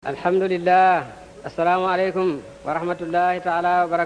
alhamdulilah asalaamaaleykum wa rahmatullahi taala wa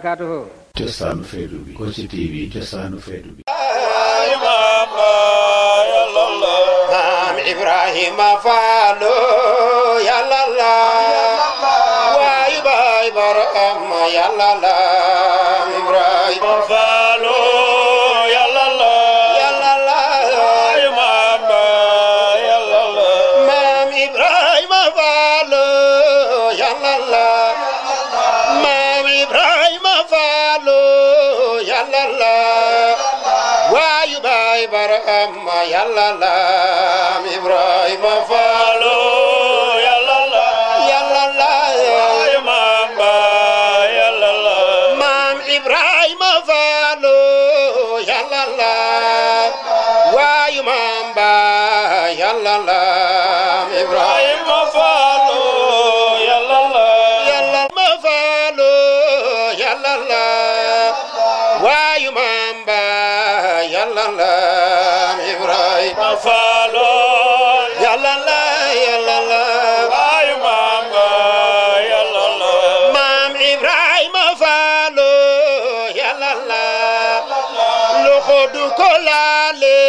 baale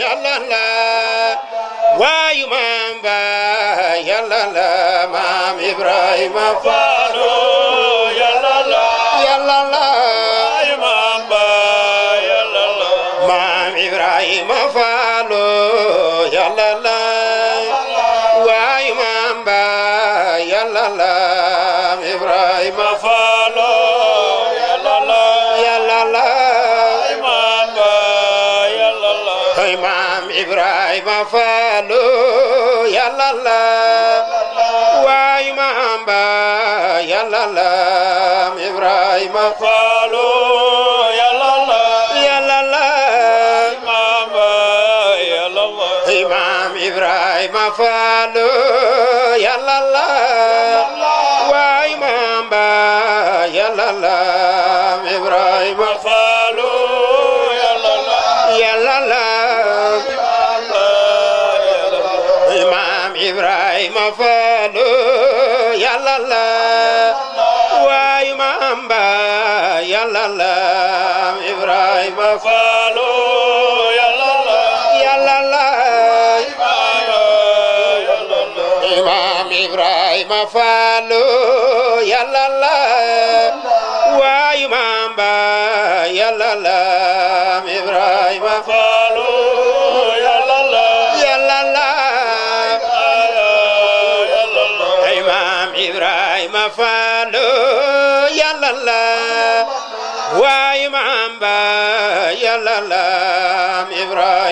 yàlla la waayu maam ba yàlla la faalo yàlla la maam ba yàlla la Ibrahima faalo yàlla la maam ba yàlla la imaam Ibrahima faalo Ibrahima Fallu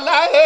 la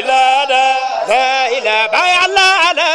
لا لا لا إله إلا الله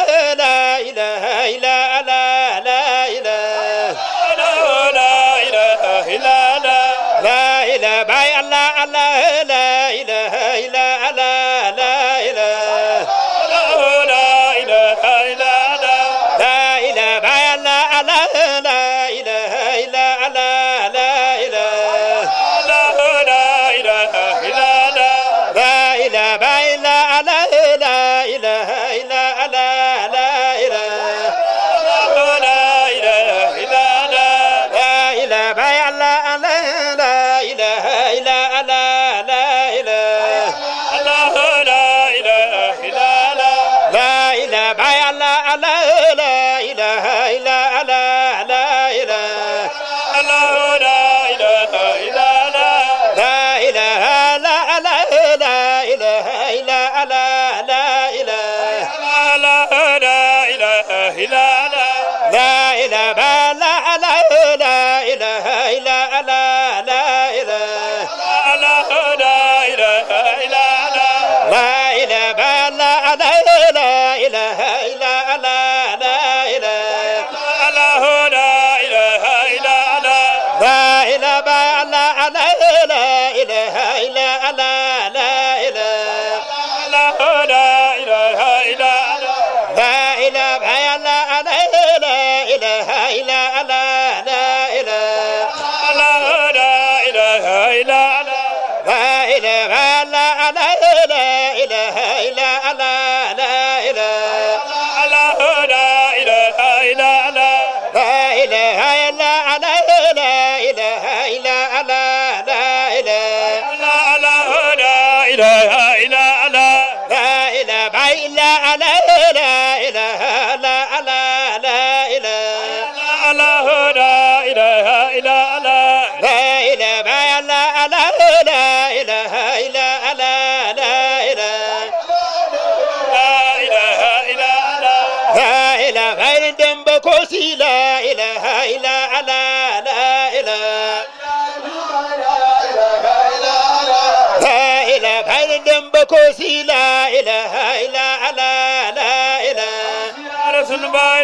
القدس لا إله إلا لا لا إله يا رسول لا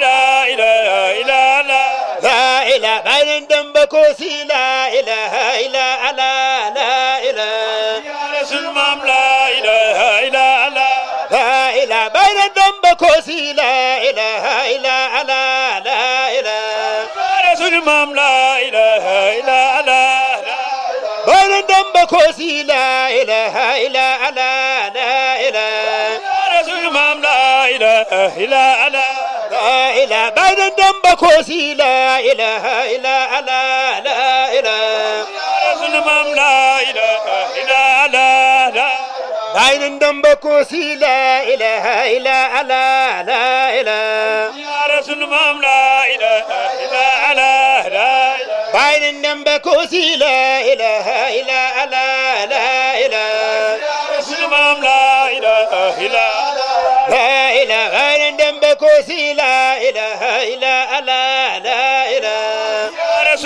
إله إلا لا لا إله ما يندم بكوس لا إله إلا لا لا إله رسول الله لا إله إلا لا لا إله ما يندم بكوس لا إله إلا لا لا إله رسول الله لا إله إلا لا ما يندم بكوس لا إله إلا لا إله إلا لا إله بين الدم بكوسي لا إله إلا لا لا إله سلمام لا إله إلا لا لا بين الدم بكوسي لا إله إلا لا لا إله يا رسول مام لا إله إلا لا لا بين الدم بكوسي لا إله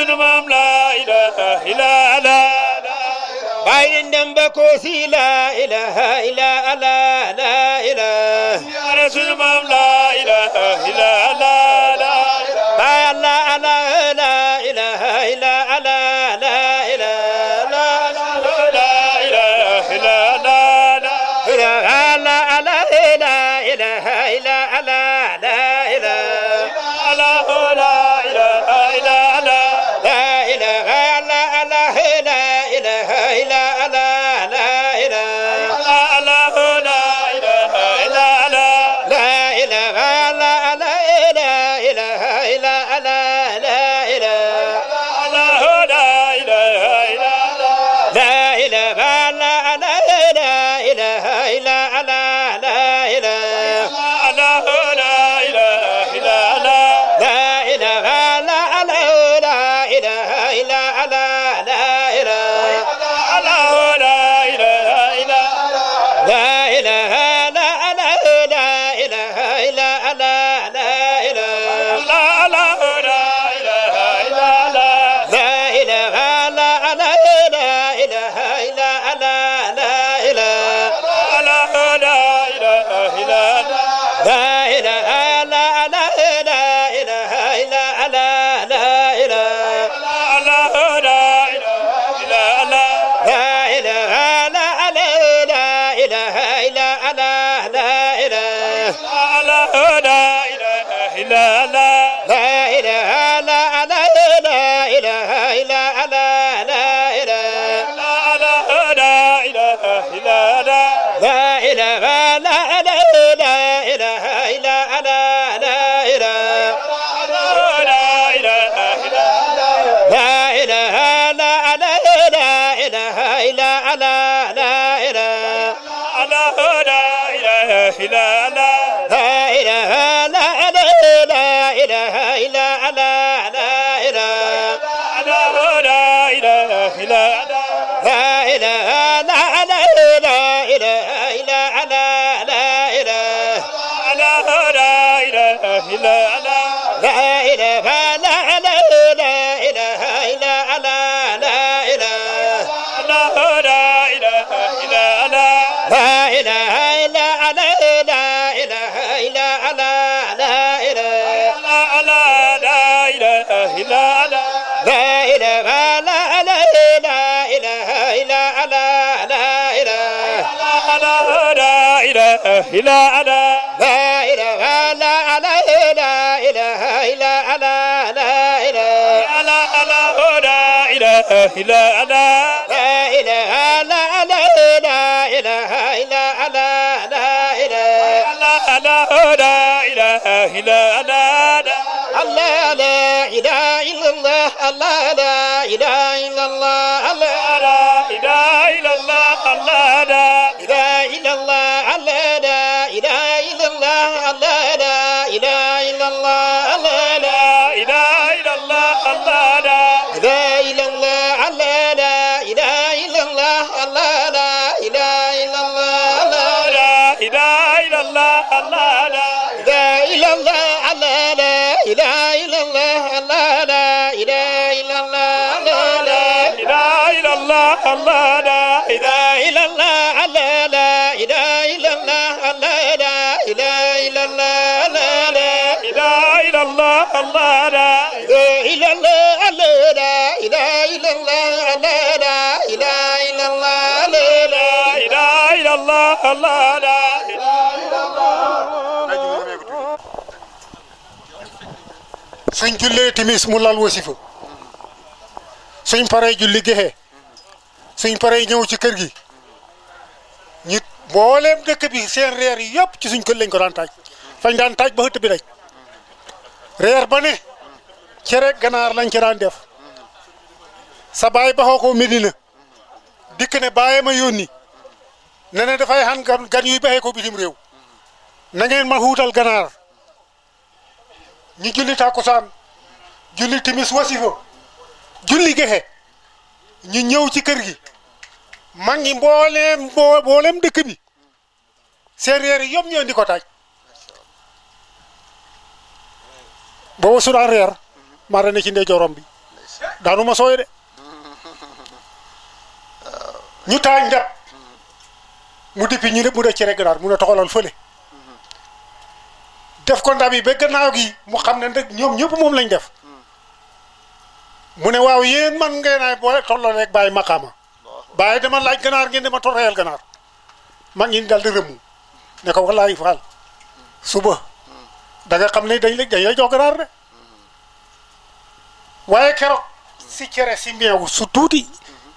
sunu maam laa ilaha illa Allah baay leen dem ba koosi laa لا إله لا إله لا إله إلا لا لا إله لا إله إلا الله لا إله إلا لا لا إله إلا لا إلا أنا لا إله لا لا لا إله إلا أنا لا إله لا لا إله إلا أنا لا إله إلا أنا لا إله إلا أنا لا إله أنا لا إله إلا أنا لا إله لا لا لا إله إلا أنا لا إله لا إله إلا أنا إله إلا لا إله لا لا لا إله إلا لا لا إله لا لا إله إلا timis mu lal wasifa suñ paree julli géxe suñ paree ñëw ci kër gi ñu bolem dëkk bi seen reer yi yëpp ci suñ kër lañ ko daan taaj fañ daan taaj ba hëtt bi rek reer ba ne cere ganar lañ ci daan def sa baay ba xoko Medina dikk ne baye ma yónni ne ne dafay xan gan yu baxee ko bitim rew na ngeen ma xuutal ganar ñi julli tàkkusaan julli timis wasifa julli gexe ñu ñëw ci kër gi ma ngi mbooleem mbooleem dëkk bi séeréer yi yëpp ñoo di ko taaj booba su reer mara na ci ndeyjoorom bi daanu ma sooy de ñu taaj ndab mu dippi ñu lépp mu def ci rek daal mu ne toxalal fële def ko ndab yi ba gannaaw gi mu xam ne nag ñoom ñëpp moom lañ def mu ne waaw yéen man ngeen ay boole tolloo rek bàyyi maqaama bàyyi dama laaj ganaar ngeen dama torreyal ganaar mag ñi dal di rëmm ne ko wallaahi faal suba da nga xam ne dañ la dañ lay jox ganaar de waaye keroog si cere si meew su tuuti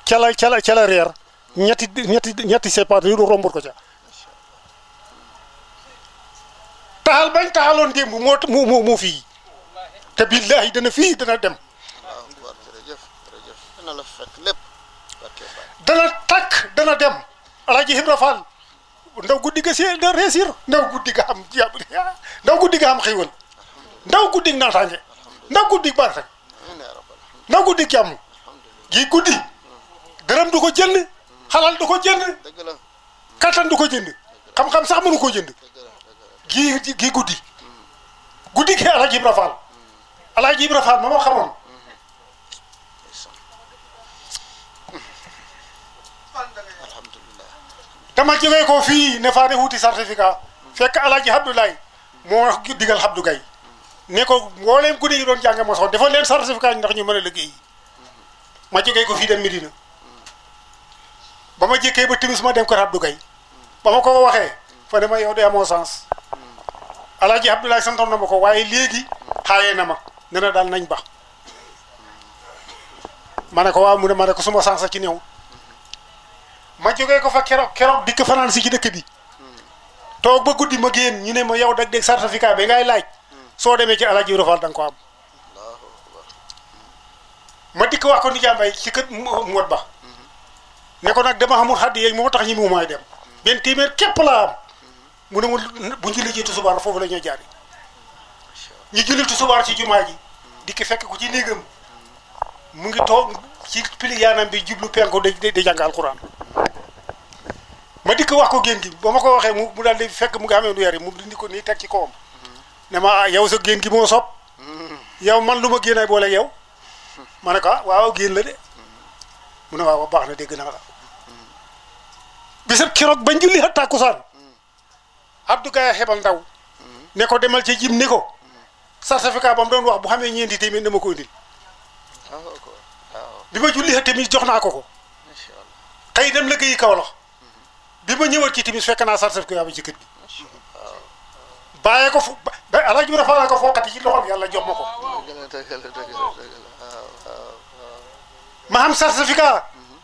ca la reer ñetti ñetti ñetti sépaat yu rombut ko ca taxal bañ taxaloon démb moo moo moo fii te billaahi dana fii dana dem dana la fekk lépp. dana takk dana dem El Hadj Ibrahima Fall ndaw guddi ga see da réussir ndaw guddi ga am jàpp ndaw guddi ga am xéwal ndaw guddi naataange ndaw guddi guddi jàmm ji guddi dërëm ko jënd xalal du ko jënd kattan du ko jënd xam sax mu ko jënd gii gii guddi mm. guddi gi El Hadj Ibrahima Fall El Hadj ma ma xamoon. dama jógee ko fii ne faa ne wuti certificat fekk alaaji Abdoulaye moo digal Abdou Gaye ne ko mbooleem gune yi doon jànge mosoon dafa leen certificat ndax ñu mën a liggéey ma jógee ko fii dem Medina ba ma jëkkee ba timis ma dem kër Abdou Gaye ba ma ko waxee fa ne ma yow de amoo sens alaaji Abdoulaye santoon na ma ko waaye léegi xaaye na ma ne na daal nañ ba ma ne ko waaw mu ne ma ne ko suma sens a ci néew ma jógee ko fa keroog keroog dikk fanaan si ci dëkk bi toog ba guddi ma génn ñu ne ma yow dag dégg certificat bi ngay laaj soo demee ci Alaaji Ibra Fall da ko am ma dikk wax ko Nidia Mbaye ci kër Mouad Ba ne ko nag dama xamul xadd yeeg moo tax ñi mu may dem benn téeméer képp laa am mu ne mu bu ñu julli tusubaar foofu la ñuy jaari ñu julli tusubaar ci jumaa ji dikk fekk ko ci néegam mu ngi toog ci piliyaanam bi jublu penku di di jàng alxuraan ma dikk wax ko génn gi ba ma ko waxee mu mu daal di fekk mu nga amee nu yar yi mu dindi ko nii teg ci kawam ne ma ah, yow sa génn gi moo sob yow man lu ma génn ay boole yow ma ne ko ah, waaw génn la de mu ne waaw baax na dégg naa la ba keroog bañ julli xat tàkkusaan Abdou Gaye xebal ndaw ne ko demal ci jim ni ko certificat ba mu doon wax bu xamee ñeenti téeméer dama ko indil ah, bi ma julli timis jox naa ko ko xëy dem liggéeyi Kawlax bi ma ñëwaat ci timis fekk naa sarsaf ko ci kër gi ko fu ba alaaj bi rafaa ko foqati ci loxol yàlla jox ma ko ma am certificat mhm.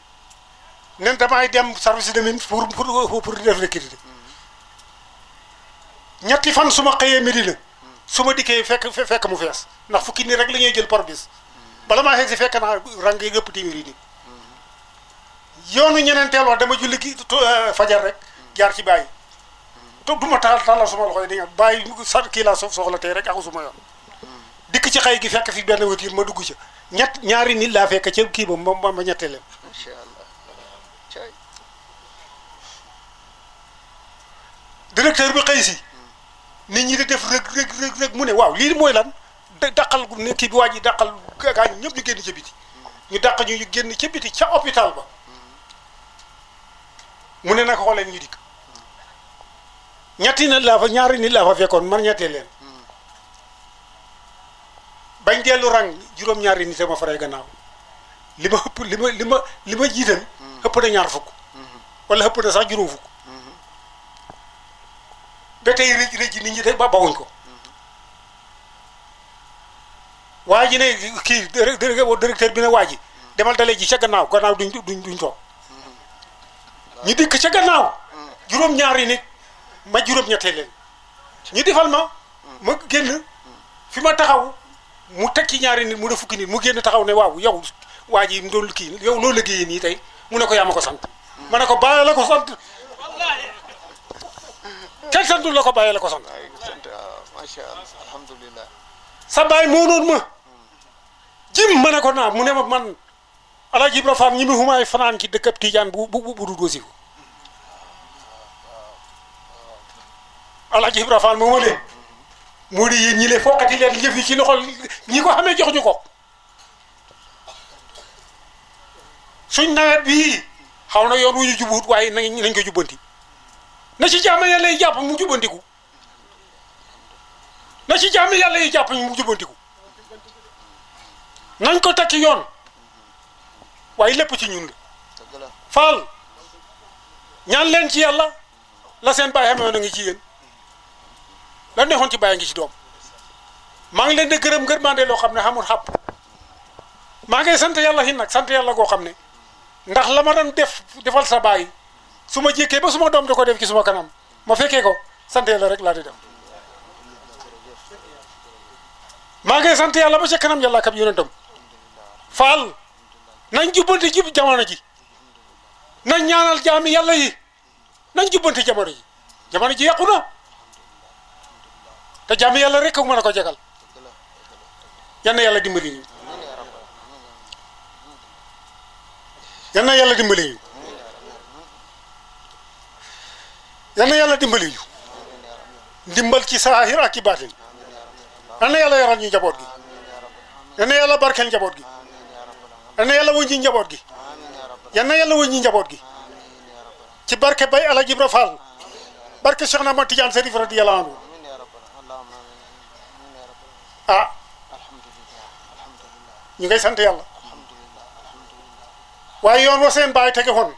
nen damay dem service de mine pour pour pour def mhm. ñetti fan su ma xëyee midi la mhm. su ma dikkee fekk fekk mu fees ndax fukki nii rek la ñuy jël par bis bala maa xeg si fekk naa rang yi yëpp téeméeri nit yoonu ñeneen teel wax dama julli gi euh, fajar rek jaar ci bàyyi te du ma taal taalal suma loxo yi dañu bàyyi sa kii laa sof soxla tey rek aku suma yoon dikk ci xay gi fekk fi benn watiir ma dugg ci ñett ñaari nit laa fekk ca kii ba ma ma ñettee leen macha allah bi xëy si hmm. nit ñi di def rek rek rek mu ne waaw lii mooy lan daqal ne kii bi waa ji daqal gaañ ñëpp ñu génn ca biti ñu dàq ñu génn ca biti ca hôpital ba mu ne naka xooleen ñu dikk ñetti nit laa fa ñaari nit laa fa fekkoon man ñettee leen bañ dellu rang juróom-ñaari nit ma gannaaw li ma ëpp li ma li ma li ma jiital ëpp ñaar fukk wala ëpp na sax juróom fukk ba yi rëj rëj nit ñi de ba bawuñ ko waa ji ne kii directeur bi ne waa ji demal dalee ji ca gannaaw gannaaw duñ duñ duñ toog ñu dikk ca gannaaw juróom-ñaari nit ma juróom-ñettee leen ñu defal ma ma génn fi ma taxaw mu teg ci ñaari nit mu ne fukki mu génn taxaw ne waaw yow waa ji mu kii yow loolu liggéeyee nii tey mu ne ko yaa ko sant ma ne ko bàyyi la ko sant kenn santul la ko bàyyi la ko sant. Ah, macha allah alhamdulilah. sa baay moo noonu ma. jim ma ne ko naa mu ne ma man alaaji Ibra Faam ñi mu humaay fanaan ci dëkkab Tiijaan bu bu bu dul wasiiru alaaji Ibra Faam ma leen mu di yéen ñi le fokkati leen yëf yi ci loxol ñi ko xamee jox ñu ko suñ nawet bii xaw na yoon wu ñu jubuut waaye nañ ko jubbanti na ci jaam yàlla yi jàpp mu jubbantiku na ci jaam yàlla yi jàpp mu jubbantiku nañ ko teg ci yoon waaye lépp ci ñun la faal ñaan leen ci yàlla la seen bàyyi xamee na ngi ci yéen la neexoon ci bàyyi ngi ci doom maa ngi leen di gërëm ngërmande loo xam ne xamul xàpp maa ngay sant yàlla xin nag sant yàlla goo xam ne ndax la ma doon def defal sa baay su ma jékkee ba su ma doom de ko def ci suma kanam ma fekkee ko sant yàlla rek laa di def maa ngay sant yàlla ba ca kanam yàlla ak ab faal nañ jubbante ji jamono ji nañ ñaanal jaami yàlla yi nañ jubbante jamono ji jamono ji yàqu na te jaami yàlla rek a mën a ko jegal yan na yàlla dimbali ñu yan na yàlla dimbali ñu yan na yàlla dimbali ñu ndimbal ci saahir ak ci baatin yan na yaral njaboot gi yan na yàlla njaboot gi yal na yàlla wuñ ci njaboot gi yal na yàlla wuñ ci njaboot gi ci barke Baye El Hadj Ibra Fall barke Cheikh na ma Tidiane Serif radiyallahu anhu ah ñu ngay sant yàlla waaye yoon wa seen baay tege woon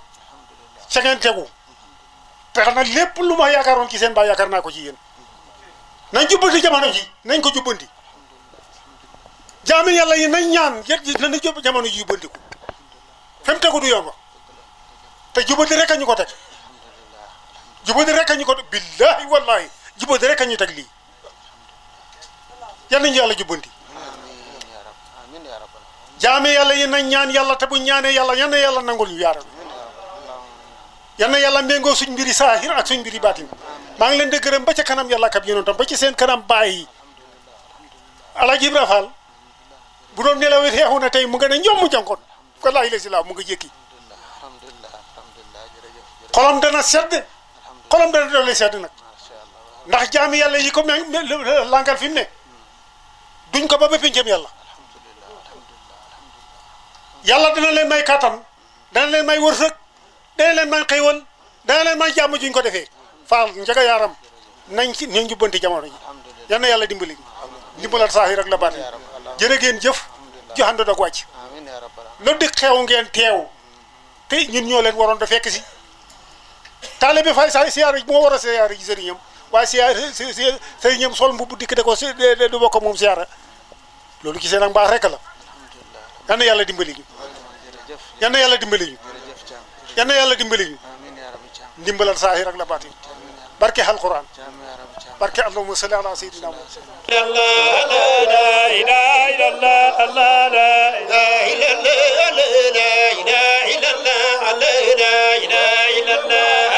ca ngeen tegu tax na lépp lu ma yaakaaroon ci seen baay yaakaar naa ko ci yéen nañ jubbanti jamono ji nañ ko jubbanti. Jami yalla yi nañ ñaan yet ji dana jop jamono ji jubbandiku fi mu tegu du yomb te jubadi rek ñu ko teg jubadi rek ñu ko billahi wallahi jubadi rek a ñu teg lii yal nañu yàlla jubbanti jami yalla yi nañ ñaan yalla te bu ñaané yalla yal yalla nangul yu yaaram yalla yalla yàlla suñ mbiri sahir ak suñ mbiri batin ma ngi leen de gërem ba ci kanam yàlla ak yonentam ba ci seen kanam bàyyi ala jibrafal bu doon nelaw it xeexu na tey mu gën a ñoom mu jànkoon ko laa ilaaha illallaah mu nga jékki xolam dana sedd xolam dana dolli sedd nag ndax jaami yàlla yi ko lànkal fi mu ne duñ ko ba ba pencam yàlla yàlla dana leen may kàttan dana leen may wërsëg dana leen may xéewal dana leen may jàmm juñ ko defee faal njaga yaaram nañ ci ñu jubbanti jamono ji yal na yàlla dimbali dimbalal saahir ak la baatin jere gen jëf ju ànd ak wàcc dik ya di xew ngeen teew te ñun ñoo leen waroon da fekk si talib fay sa siyaar mo wara war a siyaar ji sëriñam waaye siyaar sol mbubb dik de ko du bokk mom siyaara lolu ci seen ak mbaax rek la yalla yalla dimbali ñu yalla yalla dimbali ñu yalla yalla dimbali ñu ya dimbalal sahir ak la batil ya barke alquran بارك اللهم صل على سيدنا محمد الله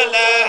السلام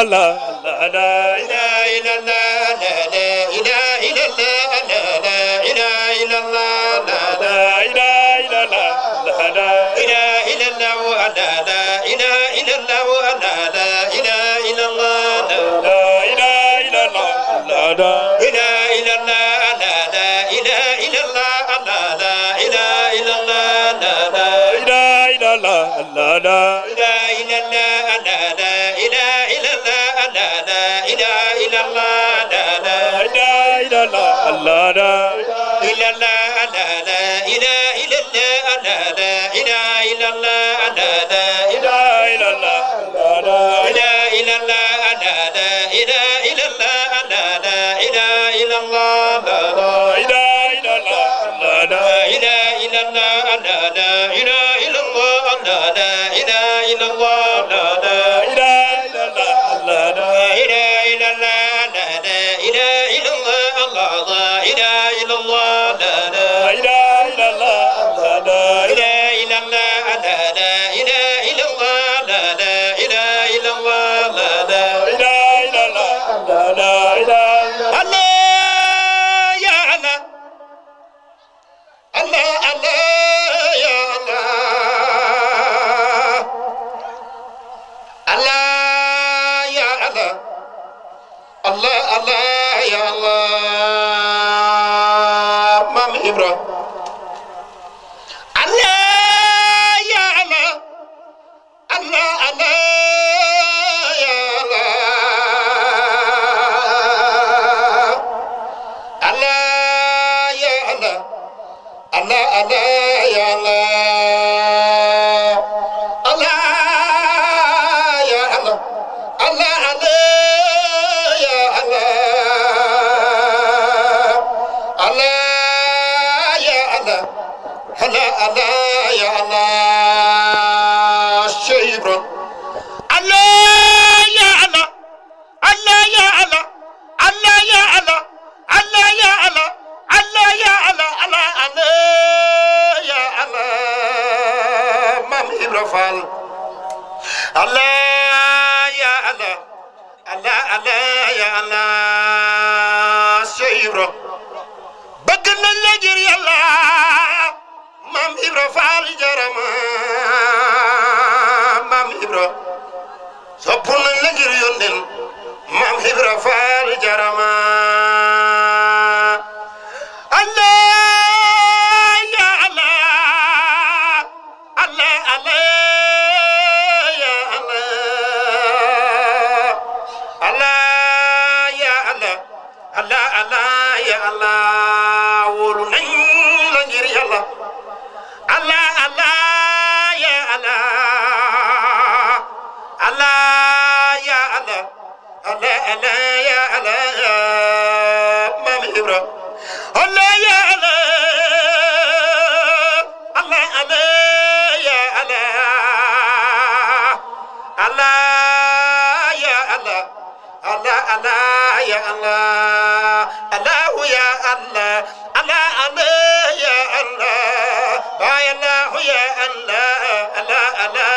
illallah la ilaha illallah Bye. maam Ibra Faal jarama maam Ibra sopp nañ la ngir yónneen maam Ibra Faal jarama Allah ya Allah Allah Allah ya Allah Allah ya Allah Allah Allah ya Allah ألا يا ألا مام إبراهيم ألا يا ألا ألا ألا يا ألا ألا يا ألا ألا ألا يا ألا الله يا الله ألا ألا يا الله يا الله يا الله ألا ألا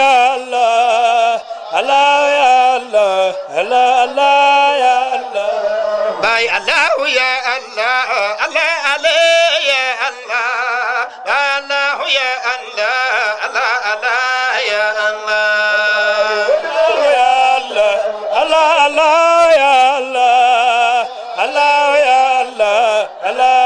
يا الله الله يا الله الله الله يا الله باي الله يا الله الله عليه يا الله الله يا الله الله الله يا الله يا الله الله الله يا الله الله يا الله الله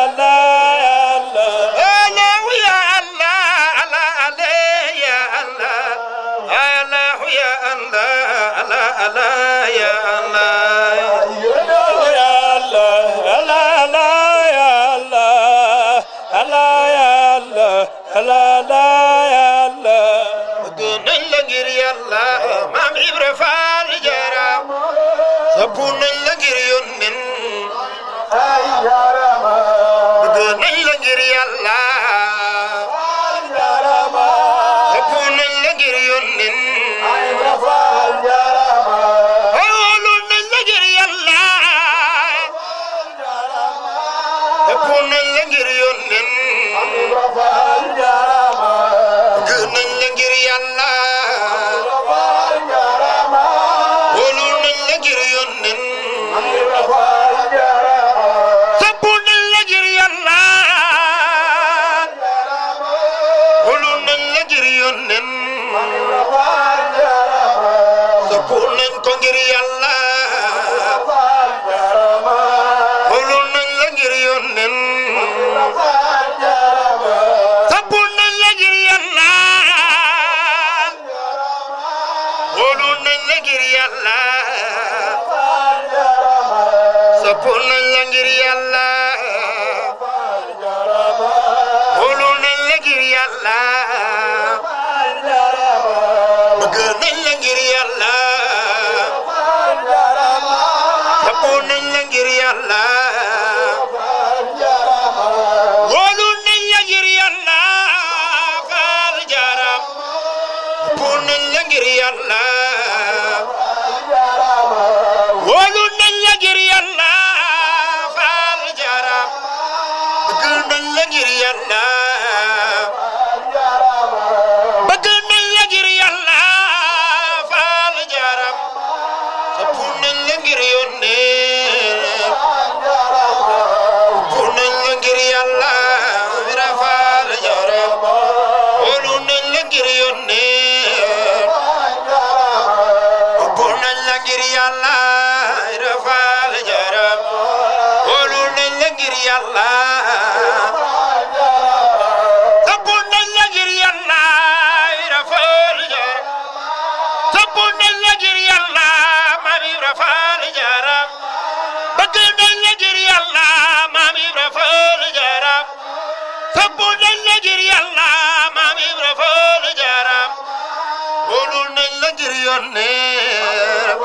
ngir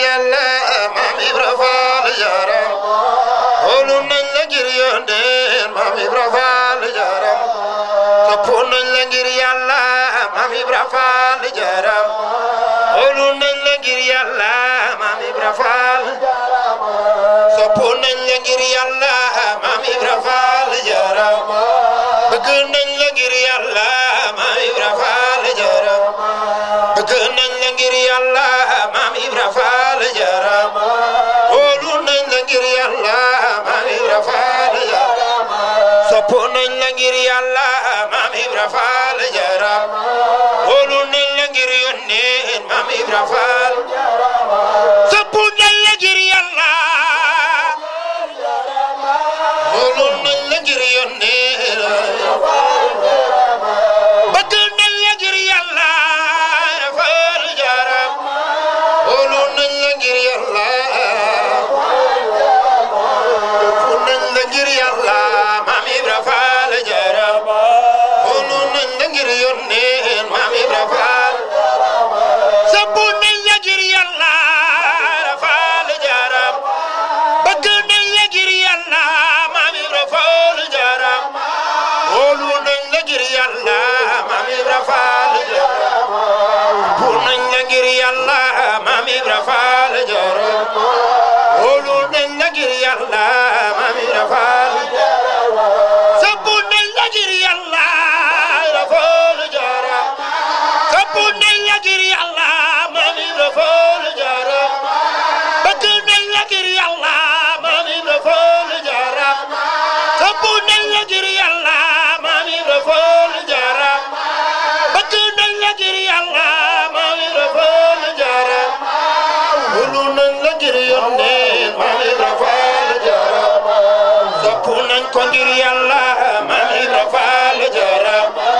Yàlla Maam Ibra Faal jarama yàlla maam Ibra Faal la jaram wóolu nañ la ngir yónnee maam Ibra ko ngir yàlla maam Ibra la Faal jaram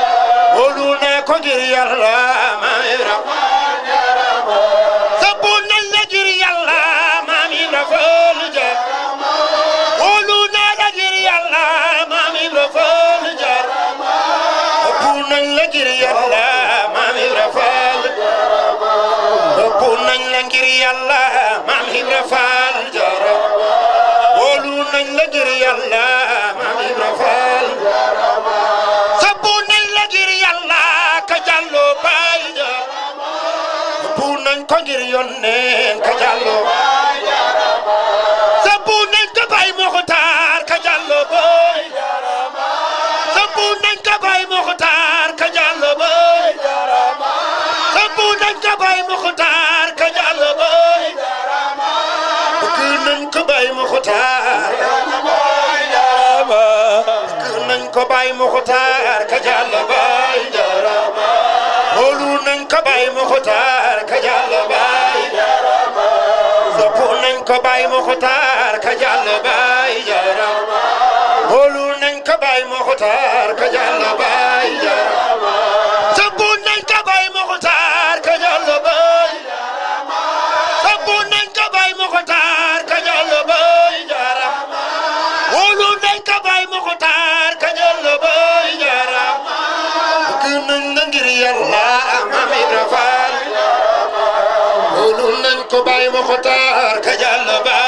yónnee ka jàllo ko bay Muxtaar ka jàllo boy bay Muxtaar ka jàllo boy sampu bay Muxtaar ka jàllo boy bay Muxtaar bëgg ko Baye Mokhtar ka jàll Baye Jaara xoolul nañ ko Baye Mokhtar ka jàll mukhtar ka jàll ba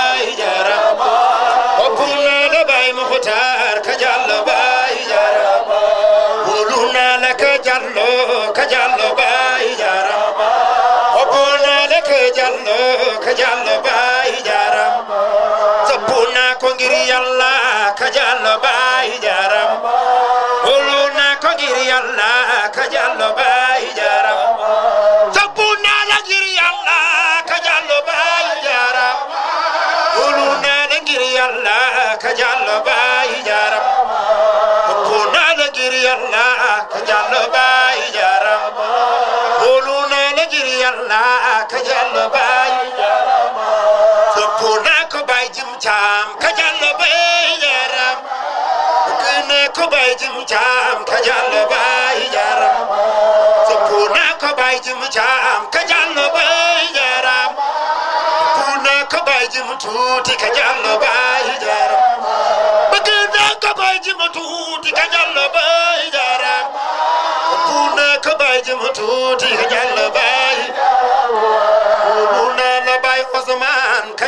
bay jaram ko na la ngir yàlla ka jàll bay jaram bolu na la ngir yàlla ka jàll bay jaram ko na ko bay jim cam ka jàll bay jaram ko na ko bay jim cam ka jàll bay jaram ko na ko bay jim cam ka jàll bay jaram ko na ko bay jim tuuti ka jàll bay jaram baay ku nekk la baay Osmaan ka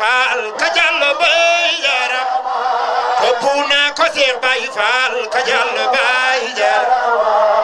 faal ka jàll bay jara topp naa ko seex bay faal ka jàll bay jara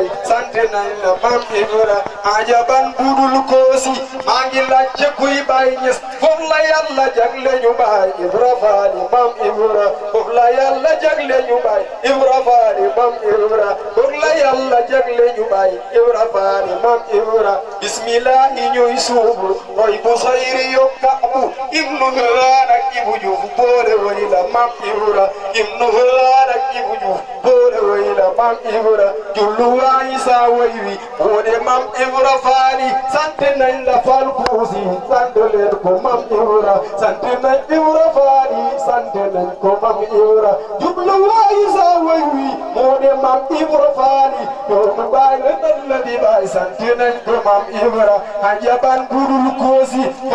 njaay sant nañ la maam Ibra ajaban budul koosi maa ngi laajte kuy Baay Ñas foofu la yàlla jagle Ibra Faali maam Ibra foofu la yàlla jagle ñu Baay Ibra Faali maam Ibra foofu la ñuy suubu roy bu xayri yokka ibnu xëraar ibu juuf boole way la maam Ibra ibnu xëraar ibu juuf wayla wayla mam ibra jullu wayi sa way wi wode mam ibra faali sante nañ la fal kuusi sante leen ko mam ibra sante nañ ibra faali sante nañ ko mam ibra jullu wayi sa way wi wode mam ibra faali yoomu baay le tan la di baay sante nañ ko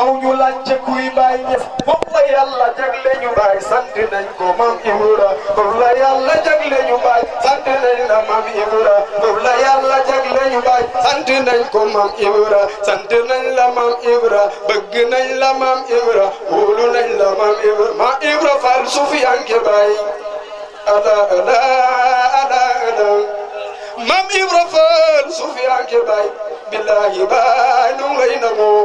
a lacce kuy baay ñes moom la yàlla jagle ñu baay sante nañ ko mam ibra moom sant nañ la maam Ibra moom la yàlla jagle ñu baay sant nañ ko maam Ibra sant nañ la maam Ibra bëgg nañ la maam Ibra wóolu nañ la maam Ibra maam Ibra Fall suufi yanke baay ada ada ada ada maam Ibra Fall suufi yanke baay billahi baay ñu ngi lay namoo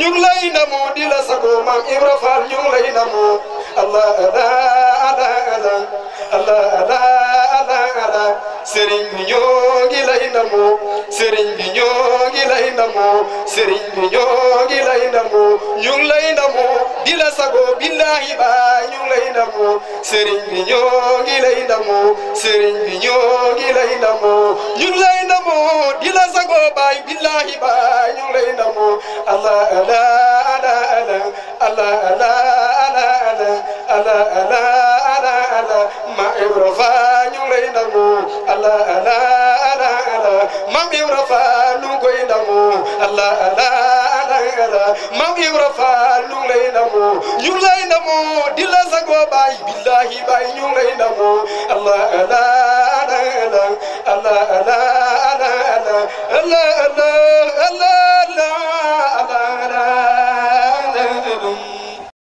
ñu ngi lay namoo di la sago maam Ibra Fall ñu ngi lay namoo الله لا لا لا الله لا لا لا sëriñ bi ñoo ngi lay ndamoo sëriñ bi ñoo ngi lay ndamoo sëriñ bi ñoo ngi lay ndamoo ñu ngi lay ndamoo di la sago billahi ba ñu ngi lay ndamoo sëriñ bi ñoo ngi lay ndamoo sëriñ bi ñoo ngi lay ndamoo ñu ngi lay ndamoo di la sago baay billahi ba ñu ngi lay ndamoo allah ala ala ala allah ala ala ala allah ala ala ala ma ibra fa ñu lay nangu ala ala ala ala ma ibra fa lu koy nangu ala ala ala ala ma ibra fa lu lay nangu ñu lay nangu di la sago baay billahi baay ñu lay nangu ala ala ala ala ala ala ala ala ala